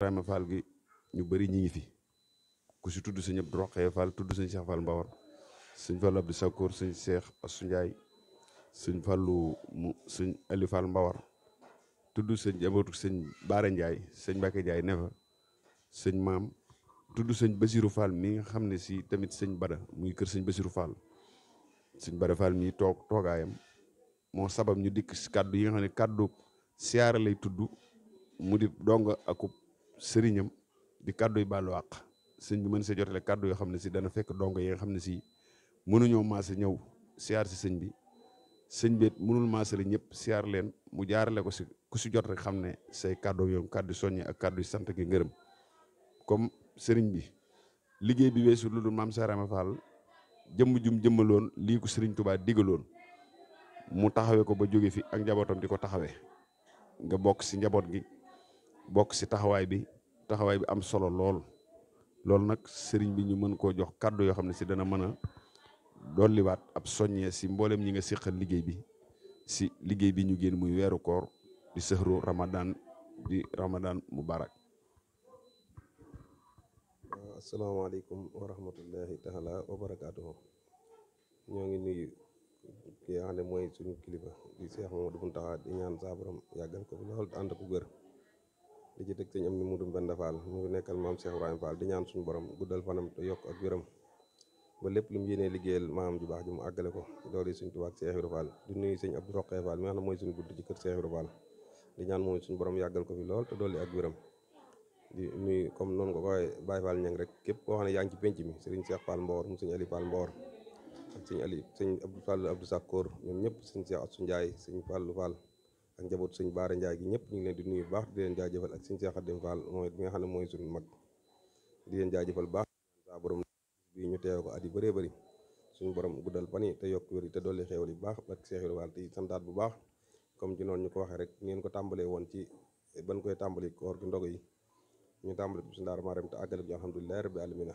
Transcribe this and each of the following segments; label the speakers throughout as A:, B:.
A: Ibrahima Fall ñu bëri ñi ngi fi ku si tudd sëñ tudd sëñ Cheikh Fall sëñ Fall Abdou Sakoor sëñ Cheikh Assou Ndiaye sëñ tudd sëñ jabootu sëñ Baara Ndiaye sëñ Mbacke Ndiaye sëñ maam tudd sëñ Basirou Fall mi nga xam ne si tamit sëñ Bada muy kër sëñ Basirou Fall sëñ Bada Fall mi toog toogaayam moo sabab ñu dikk si kàddu yi xam ne kàddu siyaara lay tudd mu di dong akub sëriñam di kàddu yu baalu àq sëñ bi mën see jotale kàddu yoo xam ne si dana fekk dongo yi nga xam ne si mënuñoo maase ñëw siyaar si sëñ bi sëñ bi mënul maasale ñëpp siyaar leen mu jaarale ko si ku si jot rek xam ne say kàddu yoon kàddu soññe ak kàdduy sant gi ngërëm comme sëriñ bi liggéey bi weesu lu dul maam Saarama Fall jëmm jum jëmmaloon lii ko sëriñ Tubaa digaloon mu taxawee ko ba jóge fi ak njabootam di ko taxawee nga bokk si njaboot gi bokk si taxawaay bi taxawaay bi am solo lool loolu nag sëriñ bi ñu mën koo jox kàddu yoo xam ne si dana mën a dolliwaat ab soññee si mboolem ñi nga siqal liggéey bi si liggéey bi ñu génn muy weeru koor di sëxru ramadan di ramadan mubarak
B: asalaamaaleykum wa rahmatullahi taala ngi nuyu ki nga xam ne suñu kilifa di Cheikh Mamadou Mountakha di ñaan saa borom ko lool ànd ko gër di ci teg sëñ am ni mu dum benn faal mu nekkal maam Cheikh Ibrahima Fall di ñaan suñu borom guddal fanam te yokk ak wéram ba lépp lu mu yéenee liggéeyal maam ju baax ji mu àggale ko doole suñ tubaab Cheikh Ibrahima Fall di nuyu sëñ mooy suñu gudd ci kër Cheikh Ibrahima Fall di ñaan borom yàggal ko fi lool te doole ak wéram di nuyu comme noonu ko waxee baay Fall ñang rek képp koo xam ne yaa ngi ci penc mi sëriñ Cheikh Fall Mbor mu sëñ Ali Fall Mbor ak sëñ Ali sëñ Abdou Fall Abdou Sakkoor ñoom ñëpp sëñ Cheikh Assou Ndiaye sëñ Fallou Fall ak njaboot sëñ Baara Njaay gi ñëpp ñu ngi leen di nuyu baax di leen jaajëfal ak sëñ Cheikh Xadim mooy bi mooy suñu mag di leen jaajëfal baax saa borom bi ñu teew ko at bëree bëri suñu borom guddal fan yi te yokk wér yi te dolli xéewal baax ak Cheikh Ibra Fall te bu baax comme ci noonu ñu ko waxee rek ngeen ko tàmbalee woon ci ban koy tàmbali koor gi ndog yi ñu tàmbali ko bismillaahi rahmaani rahiim te àggale ko alhamdulilah rabbi alamina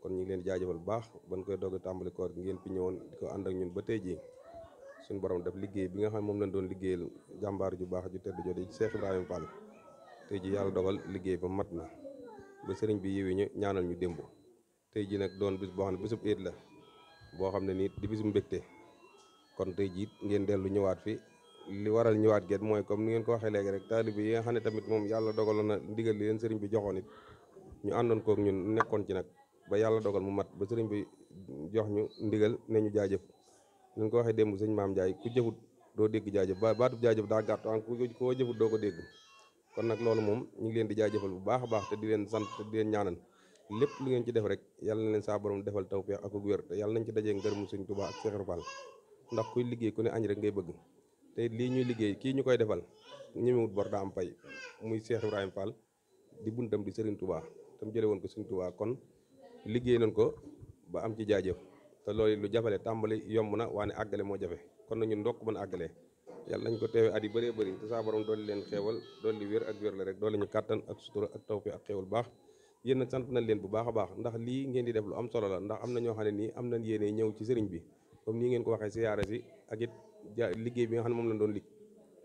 B: kon ñu ngi leen di bu baax ban koy dogg tàmbali koor ngeen fi ñëwoon di ko ànd ak ñun ba tey jii suñu borom def liggéey bi nga xam moom lañ doon liggéeyal jàmbaar ju baax ju tedd jooju Cheikh Ibrahima Fall tey ji yàlla dogal liggéey ba mat na ba sëriñ bi yiwee ñu ñaanal ñu démb tey ji nag doon bis boo xam ne bisub éet la boo xam ne nii di bisub mbégte kon tey ji ngeen dellu ñëwaat fi li waral ñëwaat geet mooy comme ni ngeen ko waxee léegi rek taalibe yi nga xam ne tamit moom yàlla dogaloon na ndigal li leen sëriñ bi joxoon ñu àndoon kook ñun nekkoon ci nag ba yàlla dogal mu mat ba sëriñ bi jox ñu ndigal ne ñu jaajëf ñu ko waxee démb sëñ maam Ndiaye ku jëfut doo dégg jaajëf baa baatub jaajëf daa gàtt en ku ko jëfut doo ko dégg kon nag loolu moom ñu ngi leen di jaajëfal bu baax a baax te di leen sant te di leen ñaanal lépp lu ngeen ci def rek yàlla na leen saa borom defal tawfeex ak wér te yàlla nañ ci dajee ngërëmu sëñ Tuubaa ak Seex Faal ndax kuy liggéey ku ne añ rek ngay bëgg te lii ñuy liggéey kii ñu koy defal ñemewut bor daa am pay muy Cheikh Ibrahima di buntam di Serigne Touba tam jële woon ko Serigne Touba kon liggéey nañ ko ba am ci jaajëf te loolu lu jafale tàmbali yomb na waane àggale moo jafe kon nañu ndokk mën a àggalee yàlla nañ ko teewee at yi bëree bëri te saa borom leen xeewal dooli wér ak wér ñu kàttan ak sutura ak tawfeex ak sant nañ leen bu baax ndax lii ngeen di def lu am solo la ndax am na ñoo xam ne nii am na yéene ñëw ci sëriñ bi comme nii ngeen ko waxee siyaare si ak it liggéey bi nga xam ne moom lañ doon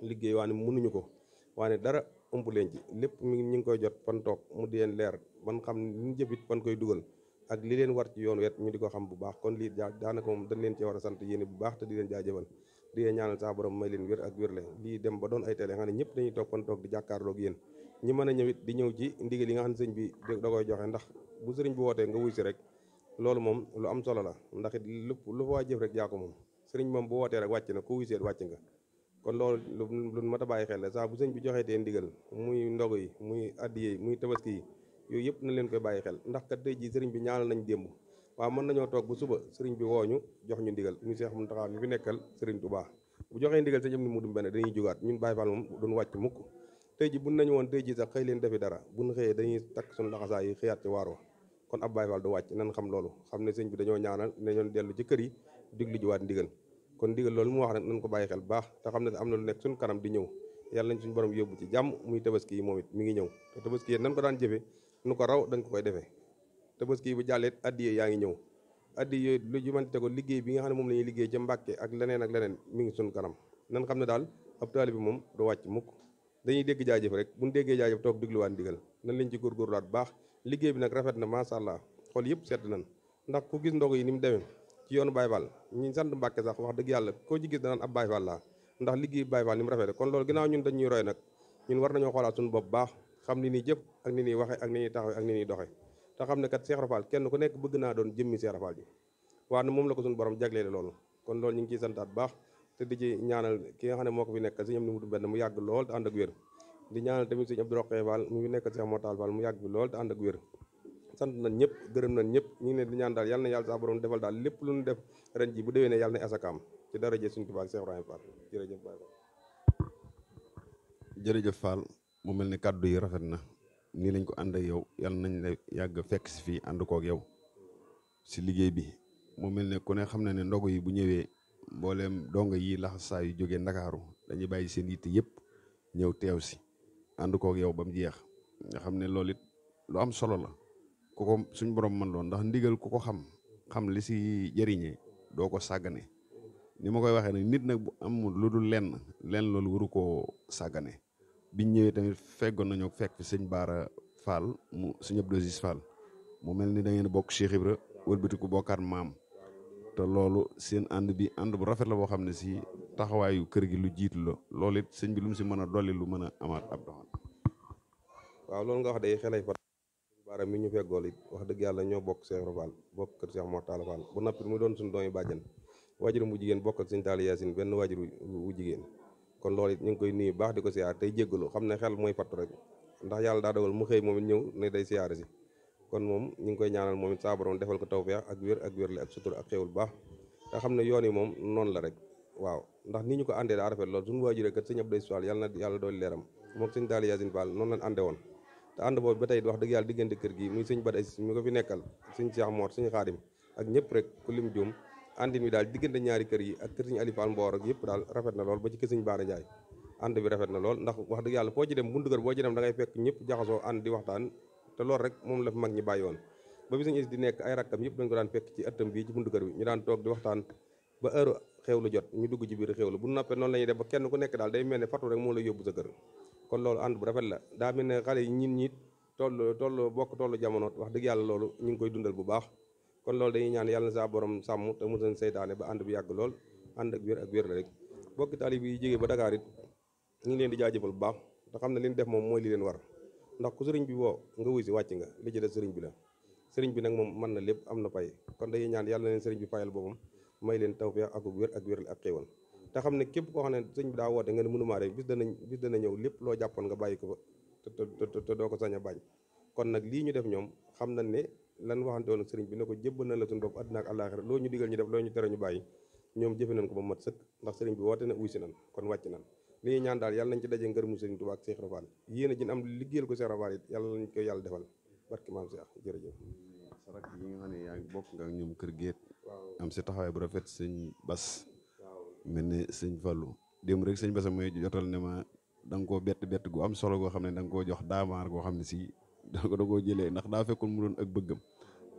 B: liggéey waane mënuñu ko waane dara ëmb leen ci lépp mu ngi ñu ngi koy jot fan toog mu di leen leer ban xam ni ñu jëfit fan koy dugal ak li leen war yoon wet ñu di ko xam bu baax kon lii daanaka moom dañ leen ci war a sant yéen bu baax te di leen jaajëfal di leen ñaanal saa borom may leen wér ak wér lii dem ba doon ay télé nga xam ne ñëpp dañuy toppantoog di jàkkaarloog yéen ñi mën a ñëwit ñëw ci ndigal yi nga xam ne sëñ bi da koy joxe ndax bu sëriñ bi wootee nga wuy si rek loolu moom lu am solo la ndax it lu lu fa waa jëf rek yaa ko moom sëriñ moom bu wootee rek wàcc na ku wuy seet wàcc nga kon loolu lu mat a bàyyi xel la saa bu sëñ bi joxee tee ndigal muy ndogu yi muy addiye yi muy tabaski yi yooyu yëpp na leen koy bàyyi xel ndax kat tey jii sëriñ bi ñaanal nañ démb waaw mën nañoo toog bu suba sëriñ bi wooñu jox ñu ndigal ñu Seex Muntaxa mi fi nekkal sëriñ Tuubaa bu joxee ndigal sa jëm ni mu dum benn dañuy jógaat ñun Baay Faal moom duñ wàcc mukk tey ji buñ nañu woon wa kon ab Baay Faal du wàcc xam loolu xam ne sëñ bi dañoo ñaanal ne ñoon dellu ci kër yi diglu juwaat ndigal kon ndigal loolu mu wax nag ko bàyyi xel baax te xam ne am na lu nekk suñ kanam di ñëw yàlla nañ suñu borom yóbbu ci jàmm muy tabaski yi moom it mi ngi ñëw te tabaski yi nan ko daan jëfe nu ko raw dañ ko koy defee tabaski bu jàlleet addiyee yaa ngi ñëw addiyee yooyu lu jumante ko liggéey bi nga xam ne moom la ñuy liggéey ca Mbàkke ak leneen ak leneen mi ngi suñ kanam nan xam ne daal ab taalibe bi moom du wàcc mukk dañuy dégg jaajëf rek buñ déggee jaajëf toog digluwaan ndigal nan lañ ci góorgóorluwaat bu baax liggéey bi nag rafet na macha allah xool yëpp sedd nan ndax ku gis ndogu yi ni mu demee ci yoonu Baay Faal ñu sant Mbàkke sax wax dëgg yàlla koo ci gis danaan ab Baay Faal laa ndax liggéey Baay Faal kon loolu ginnaaw ñun dañuy roy nag war nañoo xoolaat suñu bopp xam ni nii jëpp ak ni nii waxee ak ni nii taxawee ak ni nii doxee te xam ne kat Cheikh Rafal kenn ku nekk bëgg naa doon jëmmi Cheikh Rafal ji waaye moom la ko suñu borom jagleele loolu kon lool ñu ngi ciy santaat baax te di ci ñaanal ki nga xam ne moo ko fi nekk si ñoom mu benn mu yàgg lool te ànd ak wér di ñaanal tamit sëñ Abdou Rokhaya Fall mu ngi nekk Cheikh mu yàgg bi lool te ànd ak sant nañ ñëpp gërëm nañ ñëpp ñu ngi ne di ñaan daal yàlla na yàlla saa borom defal daal lépp lu ñu def ren ji bu déwénee yàlla na asakaam ci daraje suñu tubaab Cheikh
A: Ibrahima Fall mu mel ni kàddu yi rafet na nii lañ ko ànd yow yàlla nañ la yàgg fekk si fii ànd kook yow si liggéey bi mu mel ne ku ne xam na ne ndogu yi bu ñëwee mbooleem dongo yi laxasaa yi jóge ndakaaru dañuy bàyyi seen yitte yëpp ñëw teew si ànd kook yow ba mu jeex nga xam ne loolu it lu am solo la ku ko suñ borom man loon ndax ndigal ku ko xam xam li si jëriñee doo ko sàggane ni ma koy waxee nag nit nag bu amul lu dul lenn lenn loolu waru koo sàggane biñ ñëwee tamit feggoon nañu fekk fi sëñ Baara Fall mu sëñ Abdou Aziz mu mel ni dangeen ngeen bokk Cheikh Ibra wëlbatiku bokkaat maam te loolu seen ànd bi ànd bu rafet la boo xam ne si taxawaayu kër gi lu jiitu la loolu it sëñ bi lu si mën a dolli lu mën a amaat ab doxal.
B: waaw loolu nga wax day xelay fa baara mi ñu feggool it wax dëgg yàlla ñoo bokk Cheikh Ibra Fall bokk kër Cheikh Mor Talla Fall bu noppi mu doon suñu doomi bàjjen waajur mu jigéen bokk ak sëñ benn waajur wu jigéen kon loolu it ñu ngi koy nuyu baax di ko siyaar tey jéggalu xam ne xel mooy fattu rek ndax yàlla daa dogal mu xëy moom ñëw ne day siyaare si kon moom ñu ngi koy ñaanal moom it saa borom defal ko tawfeex ak wér ak wér la ak sutur ak xéewul baax te xam ne yoon yi moom noonu la rek waaw ndax ni ñu ko àndee daa rafet lool suñu waajure kat sëñ Abdou Sall yàlla na yàlla dool leeram moom sëñ Daali Yaasin Baal noonu lañ ànde woon te ànd boobu ba tey wax dëgg yàlla diggante kër gi muy sëñ Bada mi ko fi nekkal sëñ Cheikh Mor sëñ Xaadim ak ñëpp ànd mi daal diggante ñaari kër yi ak kër Serigne Aliou Fall Mbor ak yëpp daal rafet na lool ba ci kër Serigne Bara Ndiaye ànd bi rafet na lool ndax wax dëgg yàlla foo ci boo ci dem da ngay fekk ñëpp jaxasoo ànd la fi mag ñi bàyyi di nekk ay rakkam yëpp dañ ko daan fekk ci ëttam bii ci buntu kër bi ñu daan jot ñu dugg ci biir xewlu bu noppee noonu la ñuy def ba kenn ku nekk daal day mel ne fatu rek moo la yóbbu sa kër kon loolu ànd ne xale yi ñin ñi toll toll bokk toll jamono wax dëgg yàlla loolu ñu ngi koy dundal bu baax kon loolu dañuy ñaan yàlla na saa borom sàmm te musan seytaane ba ànd bu yàgg lool ànd ak wér ak wér la rek bokki taalib yi jógee ba Dakar it ñu ngi leen di jaajëfal bu baax te xam ne li ñu moom mooy li leen war ndax ku bi woo nga wuy si nga li ci des bi la sëriñ bi nag moom mën na lépp am na pay kon dañuy ñaan yàlla na leen sëriñ bi fayal boppam leen tawfeex ak wér ak wér ak xéewal te xam ne képp koo xam ne sëriñ bi daa woote nga ne mënumaa rek bis dana bis dana ñëw lépp loo jàppoon nga bàyyi ko fa te doo ko sañ a bañ kon nag lii ñu def ñoom xam na ne lan waxante woon ak sëriñ bi na ko jébbal na la suñu bopp àddina ak àllaaxira loo ñu digal ñu def loo ñu tere ñu bàyyi ñoom jëfe nañ ko ba mat sëkk ndax sëriñ bi woote na uysi nan kon wàcc nan li ñuy ñaan daal yàlla nañ ci daje ngërëmu sëriñ Tuubaa ak Seex a jin am liggéeyal ko ko yàlla defal barki maam Seex jërëjëf ne yaa ngi bokk
A: ak ñoom kër géet am si taxawaay rafet sëñ Bas mel ne sëñ Fallou démb rek sëñ Bas mooy jotal ne ma da nga koo bett bett am solo goo xam ne da koo jox daamaar goo xam ne si donc da koo jëlee ndax daa fekkoon mu doon ak bëggam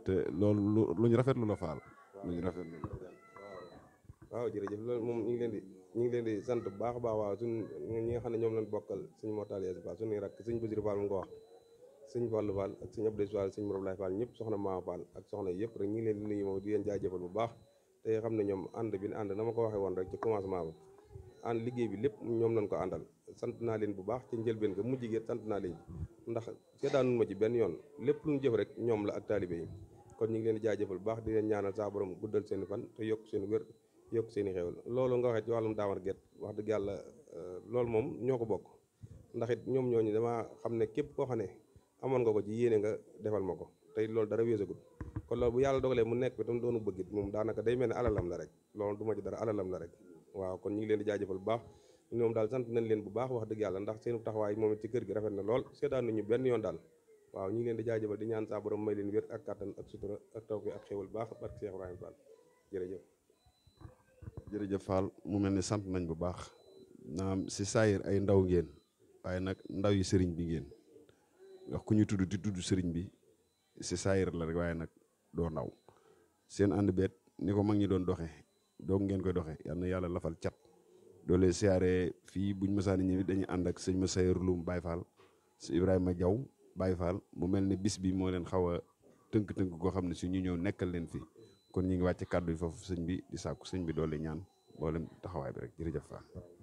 A: te loolu lu lu ñu rafetlu la faal. lu ñu rafetlu la
B: waaw jërëjëf loolu moom ñu ngi leen di ñu ngi leen di sant bu baax a baax waaw suñ ñi nga xam ne ñoom lañ bokkal suñu mortal yees ba suñu rakk suñu Basiru Fall mu ko wax suñu Fallu Fall ak suñu Abdou Fall suñu Morob Laay Fall ñëpp soxna Maama Fall ak soxna yëpp rek ñu ngi leen di nuyu moom di leen jaajëfal bu baax te xam ne ñoom ànd bi ànd na ma ko waxee woon rek ci commencement ba ànd liggéey bi lépp ñoom lañ ko àndal sant naa leen bu baax ci njëlbeen ga mujj gi sant naa leen ndax seetaanu ma ci benn yoon lépp lu ñu jëf rek ñoom la ak taalibe yi kon ñu ngi leen di jaajëfal baax di leen ñaanal saa borom guddal seen fan te yokk seen wér yokk seen i xéwal loolu nga waxee ci wàllum daamar wax dëgg yàlla euh, loolu moom ñoo ko bokk ndax it ñoom ñooñu dama xam ne képp koo xam ne amoon nga ko ci yéene nga defal ma ko te loolu dara weesagul kon loolu bu yàlla dogalee mu nekk bi tam doonu bëggit moom daanaka day mel ne alalam la rek loolu du ma ci dara alalam la rek waaw kon ñu ngi leen di jaajëfal baax ñoom daal sant nañ leen bu baax wax dëgg yàlla ndax seen taxawaay moom it ci kër gi rafet na lool seetaan nañu benn yoon waaw ñu ngi di jaajëfal di ñaan saa borom may leen wér ak kàttan ak sutura taw bi ak xéwal baax barke Cheikh Ibrahima Fall jërëjëf
A: jërëjëf mu mel ni sant nañ bu baax naam si saayir ay ndaw ngeen waaye nag ndaw sëriñ bi ngeen wax ñu tudd di tudd sëriñ bi si saayir la waaye nag doo ndaw seen ànd beet ni ko mag ñi doon doxe doog ngeen koy doxe yal yàlla lafal cat doo leen siyaaree fii buñ mësaan ñëw dañuy ànd ak sëñ ma Massayer Loum Baye Fall si Ibrahima Diaw Baye Fall mu mel ni bis bi moo leen xaw a tënk-tënk goo xam ne si ñu ñëw nekkal leen fi kon ñu ngi wàcc kàddu yi foofu sëñ bi di sàkku sëñ bi doole ñaan mboolem taxawaay bi rek jërëjëf Fall.